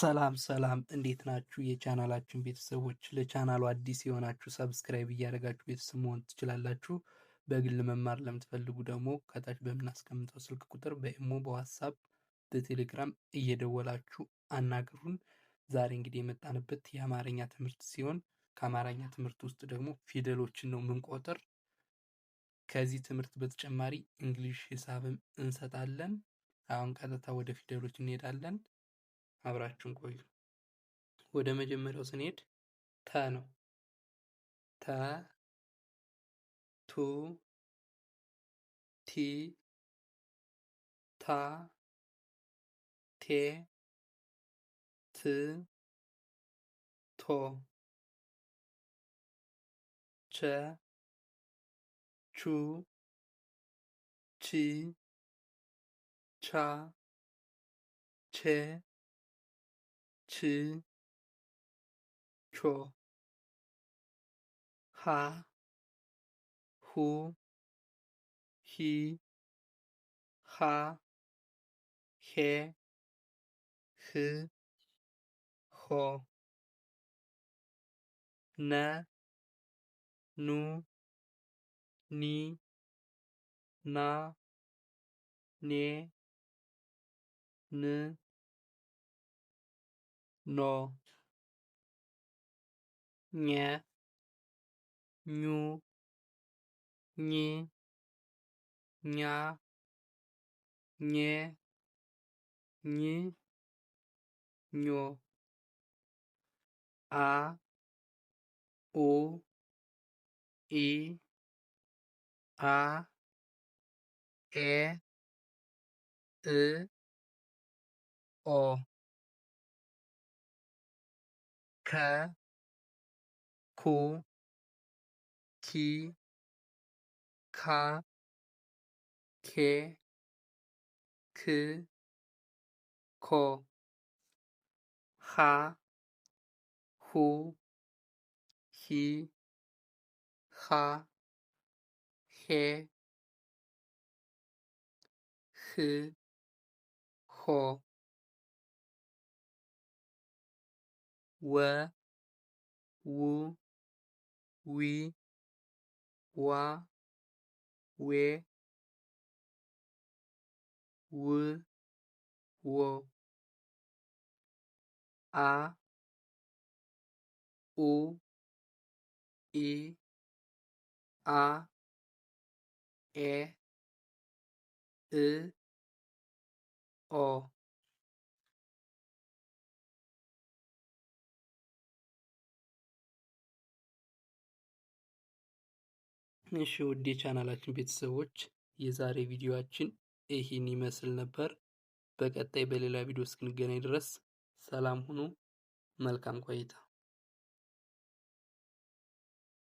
ሰላም ሰላም እንዴት ናችሁ? የቻናላችን ቤተሰቦች ለቻናሉ አዲስ የሆናችሁ ሰብስክራይብ እያደረጋችሁ ቤተሰብ መሆን ትችላላችሁ። በግል መማር ለምትፈልጉ ደግሞ ከታች በምናስቀምጠው ስልክ ቁጥር በኢሞ፣ በዋትሳፕ፣ በቴሌግራም እየደወላችሁ አናግሩን። ዛሬ እንግዲህ የመጣንበት የአማርኛ ትምህርት ሲሆን ከአማርኛ ትምህርት ውስጥ ደግሞ ፊደሎችን ነው ምንቆጥር። ከዚህ ትምህርት በተጨማሪ እንግሊሽ ሂሳብም እንሰጣለን። አሁን ቀጥታ ወደ ፊደሎች እንሄዳለን። አብራችሁን ቆዩ። ወደ መጀመሪያው ስንሄድ ተ ነው። ተ ቱ ቲ ታ ቴ ት ቶ ቸ ቹ ቺ ቻ ቼ 吃、戳、哈、呼、希、哈、嘿、徐、何、奈、努、尼、那、捏、呢。no, nie, nhu, nhi, nha, nhé, nhí, nhô, á, u, i, a, e, ứ, o. 가, 고, 기, 가, 게, 그, 거, 하, 후, 히, 하, 해, 흐, 호. were, who, we, were, where, would, were, are, እሺ ውድ የቻናላችን ቤተሰቦች የዛሬ ቪዲዮአችን ይህን ይመስል ነበር። በቀጣይ በሌላ ቪዲዮ እስክንገናኝ ድረስ ሰላም ሁኑ። መልካም ቆይታ